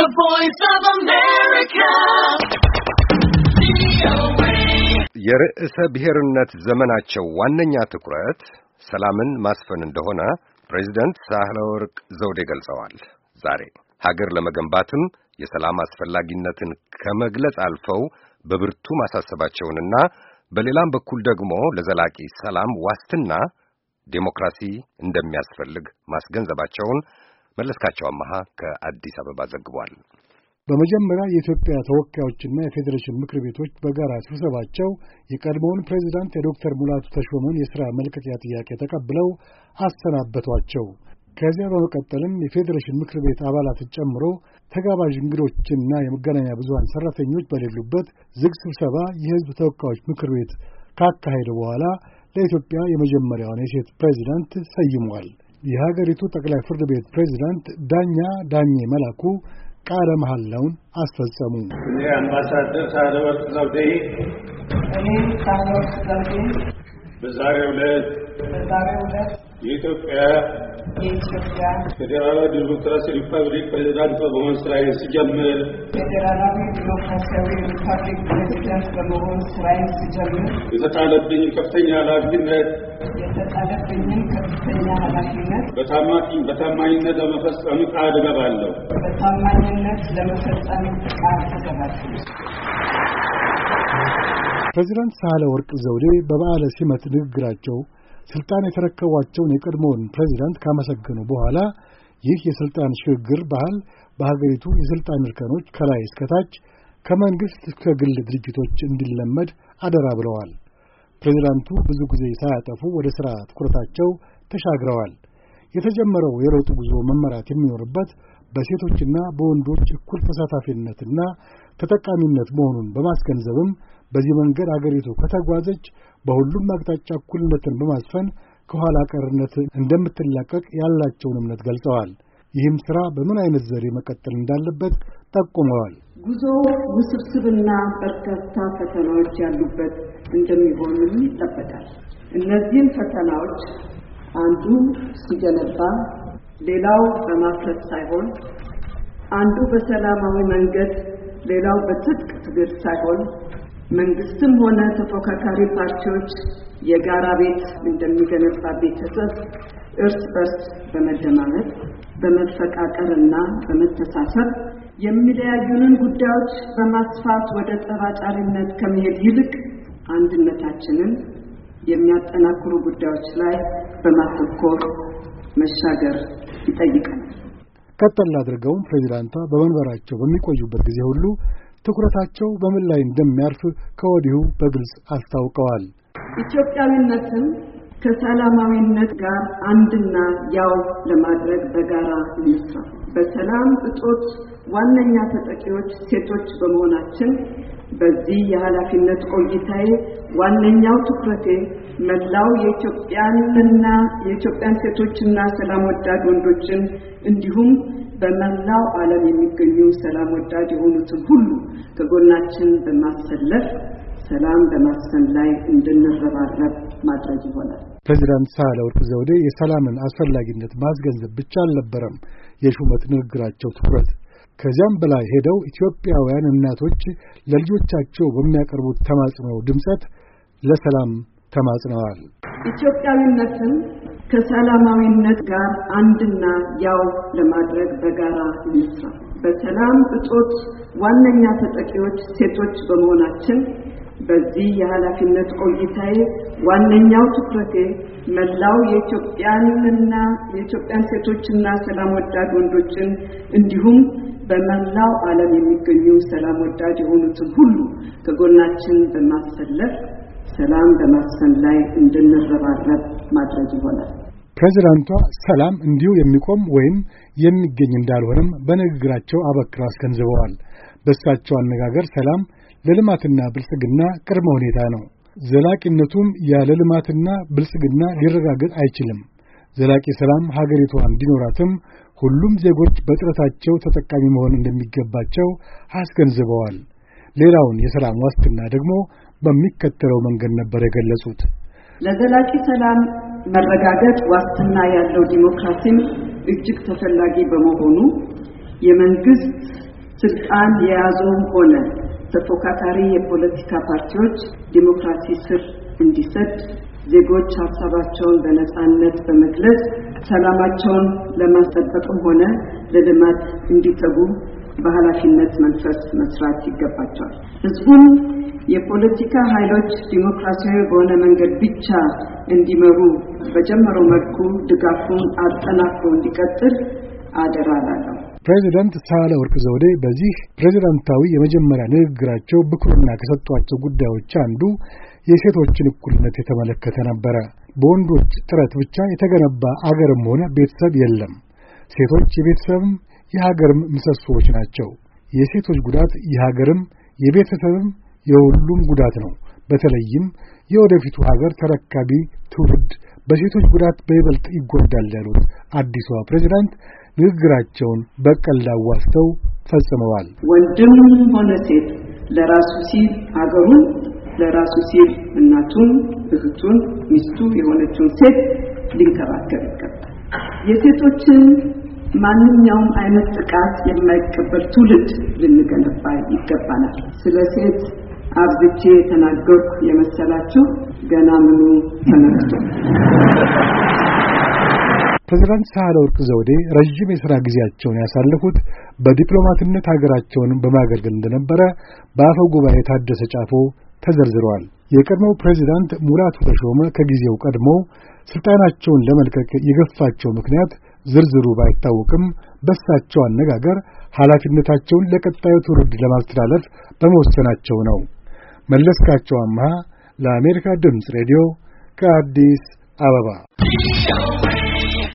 The Voice of America. የርዕሰ ብሔርነት ዘመናቸው ዋነኛ ትኩረት ሰላምን ማስፈን እንደሆነ ፕሬዚደንት ወርቅ ዘውዴ ገልጸዋል። ዛሬ ሀገር ለመገንባትም የሰላም አስፈላጊነትን ከመግለጽ አልፈው በብርቱ ማሳሰባቸውንና በሌላም በኩል ደግሞ ለዘላቂ ሰላም ዋስትና ዴሞክራሲ እንደሚያስፈልግ ማስገንዘባቸውን መለስካቸው አመሃ ከአዲስ አበባ ዘግቧል። በመጀመሪያ የኢትዮጵያ ተወካዮችና የፌዴሬሽን ምክር ቤቶች በጋራ ስብሰባቸው የቀድሞውን ፕሬዚዳንት የዶክተር ሙላቱ ተሾመን የሥራ መልቀቂያ ጥያቄ ተቀብለው አሰናበቷቸው። ከዚያ በመቀጠልም የፌዴሬሽን ምክር ቤት አባላትን ጨምሮ ተጋባዥ እንግዶችና የመገናኛ ብዙሀን ሠራተኞች በሌሉበት ዝግ ስብሰባ የሕዝብ ተወካዮች ምክር ቤት ካካሄደ በኋላ ለኢትዮጵያ የመጀመሪያውን የሴት ፕሬዚዳንት ሰይሟል። የሀገሪቱ ጠቅላይ ፍርድ ቤት ፕሬዚዳንት ዳኛ ዳኜ መላኩ ቃለ መሐላውን አስፈጸሙ። እኔ አምባሳደር ሳህለወርቅ ዘውዴ እኔ ሳህለወርቅ ዘውዴ በዛሬው ዕለት በዛሬው ዕለት የኢትዮጵያ ፌዴራላዊ ዲሞክራሲ ሪፐብሊክ ፕሬዚዳንት በመሆን ስራዬን ስጀምር ፌዴራላዊ ዲሞክራሲያዊ ሪፐብሊክ ፕሬዚዳንት በመሆን ስራዬን ስጀምር የተጣለብኝ ከፍተኛ ኃላፊነት የተጣለብኝን ከፍተኛ ኃላፊነት በታማኝ በታማኝነት ለመፈጸም ቃል እገባለሁ በታማኝነት ለመፈጸም ቃል እገባለሁ። ፕሬዚዳንት ዘውዴ በበዓለ ሲመት ንግግራቸው ስልጣን የተረከቧቸውን የቀድሞውን ፕሬዚዳንት ካመሰገኑ በኋላ ይህ የሥልጣን ሽግግር ባህል በሀገሪቱ የሥልጣን እርከኖች ከላይ እስከታች ከመንግሥት እስከ ግል ድርጅቶች እንዲለመድ አደራ ብለዋል። ፕሬዚዳንቱ ብዙ ጊዜ ሳያጠፉ ወደ ሥራ ትኩረታቸው ተሻግረዋል። የተጀመረው የለውጥ ጉዞ መመራት የሚኖርበት በሴቶችና በወንዶች እኩል ተሳታፊነትና ተጠቃሚነት መሆኑን በማስገንዘብም በዚህ መንገድ አገሪቱ ከተጓዘች በሁሉም አቅጣጫ እኩልነትን በማስፈን ከኋላ ቀርነት እንደምትላቀቅ ያላቸውን እምነት ገልጸዋል። ይህም ሥራ በምን አይነት ዘዴ መቀጠል እንዳለበት ጠቁመዋል። ጉዞ ውስብስብና በርካታ ፈተናዎች ያሉበት እንደሚሆንም ይጠበቃል። እነዚህም ፈተናዎች አንዱ ሲገነባ ሌላው በማፍረት ሳይሆን አንዱ በሰላማዊ መንገድ ሌላው በትጥቅ ትግል ሳይሆን መንግስትም ሆነ ተፎካካሪ ፓርቲዎች የጋራ ቤት እንደሚገነባ ቤተሰብ እርስ በርስ በመደማመጥ በመፈቃቀር እና በመተሳሰብ የሚለያዩንን ጉዳዮች በማስፋት ወደ ጠባጫሪነት ከመሄድ ይልቅ አንድነታችንን የሚያጠናክሩ ጉዳዮች ላይ በማተኮር መሻገር ይጠይቃል። ቀጠል አድርገውም ፕሬዚዳንቷ በመንበራቸው በሚቆዩበት ጊዜ ሁሉ ትኩረታቸው በምን ላይ እንደሚያርፍ ከወዲሁ በግልጽ አስታውቀዋል። ኢትዮጵያዊነትን ከሰላማዊነት ጋር አንድና ያው ለማድረግ በጋራ እንስራ። በሰላም እጦት ዋነኛ ተጠቂዎች ሴቶች በመሆናችን በዚህ የኃላፊነት ቆይታዬ ዋነኛው ትኩረቴ መላው የኢትዮጵያንና የኢትዮጵያን ሴቶችና ሰላም ወዳድ ወንዶችን እንዲሁም በመላው ዓለም የሚገኙ ሰላም ወዳድ የሆኑትን ሁሉ ከጎናችን በማሰለፍ ሰላም በማስፈን ላይ እንድንረባረብ ማድረግ ይሆናል። ፕሬዚዳንት ሳህለወርቅ ዘውዴ የሰላምን አስፈላጊነት ማስገንዘብ ብቻ አልነበረም የሹመት ንግግራቸው ትኩረት። ከዚያም በላይ ሄደው ኢትዮጵያውያን እናቶች ለልጆቻቸው በሚያቀርቡት ተማጽኖ ድምፀት ለሰላም ተማጽነዋል። ኢትዮጵያዊነትን ከሰላማዊነት ጋር አንድና ያው ለማድረግ በጋራ እንስራ። በሰላም እጦት ዋነኛ ተጠቂዎች ሴቶች በመሆናችን በዚህ የኃላፊነት ቆይታዬ ዋነኛው ትኩረቴ መላው የኢትዮጵያንና የኢትዮጵያን ሴቶችና ሰላም ወዳድ ወንዶችን እንዲሁም በመላው ዓለም የሚገኙ ሰላም ወዳድ የሆኑትን ሁሉ ከጎናችን በማሰለፍ ሰላም በማስፈን ላይ እንድንረባረብ ማድረግ ይሆናል። ፕሬዚዳንቷ ሰላም እንዲሁ የሚቆም ወይም የሚገኝ እንዳልሆነም በንግግራቸው አበክረው አስገንዝበዋል። በእሳቸው አነጋገር ሰላም ለልማትና ብልጽግና ቅድመ ሁኔታ ነው። ዘላቂነቱም ያለ ልማትና ብልጽግና ሊረጋገጥ አይችልም። ዘላቂ ሰላም ሀገሪቷ እንዲኖራትም ሁሉም ዜጎች በጥረታቸው ተጠቃሚ መሆን እንደሚገባቸው አስገንዝበዋል። ሌላውን የሰላም ዋስትና ደግሞ በሚከተለው መንገድ ነበር የገለጹት። ለዘላቂ ሰላም መረጋገጥ ዋስትና ያለው ዲሞክራሲን እጅግ ተፈላጊ በመሆኑ የመንግስት ስልጣን የያዘውም ሆነ ተፎካካሪ የፖለቲካ ፓርቲዎች ዲሞክራሲ ስር እንዲሰድ ዜጎች ሀሳባቸውን በነፃነት በመግለጽ ሰላማቸውን ለማስጠበቅም ሆነ ለልማት እንዲተጉ በኃላፊነት መንፈስ መስራት ይገባቸዋል። ህዝቡም የፖለቲካ ኃይሎች ዲሞክራሲያዊ በሆነ መንገድ ብቻ እንዲመሩ በጀመረው መልኩ ድጋፉን አጠናክሮ እንዲቀጥል አደራ ፕሬዚደንት ሳህለ ወርቅ ዘውዴ በዚህ ፕሬዚዳንታዊ የመጀመሪያ ንግግራቸው ብኩርና ከሰጧቸው ጉዳዮች አንዱ የሴቶችን እኩልነት የተመለከተ ነበረ። በወንዶች ጥረት ብቻ የተገነባ አገርም ሆነ ቤተሰብ የለም። ሴቶች የቤተሰብም የሀገርም ምሰሶዎች ናቸው። የሴቶች ጉዳት የሀገርም የቤተሰብም የሁሉም ጉዳት ነው። በተለይም የወደፊቱ ሀገር ተረካቢ ትውልድ በሴቶች ጉዳት በይበልጥ ይጎዳል ያሉት አዲሷ ፕሬዚዳንት ንግግራቸውን በቀል አዋስተው ፈጽመዋል። ወንድም ሆነ ሴት ለራሱ ሲል አገሩን ለራሱ ሲል እናቱን፣ እህቱን፣ ሚስቱ የሆነችውን ሴት ሊንከባከብ ይገባል። የሴቶችን ማንኛውም አይነት ጥቃት የማይቀበል ትውልድ ልንገነባ ይገባናል። ስለ ሴት አብዝቼ የተናገርኩ የመሰላችሁ ገና ምኑ ተነክቶ ፕሬዚዳንት ወርቅ ዘውዴ ረዥም የሥራ ጊዜያቸውን ያሳለፉት በዲፕሎማትነት ሀገራቸውን በማገልገል እንደነበረ በአፈ ጉባኤ ታደሰ ጫፎ ተዘርዝረዋል። የቀድሞው ፕሬዚዳንት ሙላቱ ተሾመ ከጊዜው ቀድሞ ሥልጣናቸውን ለመልቀቅ የገፋቸው ምክንያት ዝርዝሩ ባይታወቅም በሳቸው አነጋገር ኃላፊነታቸውን ለቀጣዩ ትውልድ ለማስተላለፍ በመወሰናቸው ነው። መለስካቸው አምሃ ለአሜሪካ ድምፅ ሬዲዮ ከአዲስ አበባ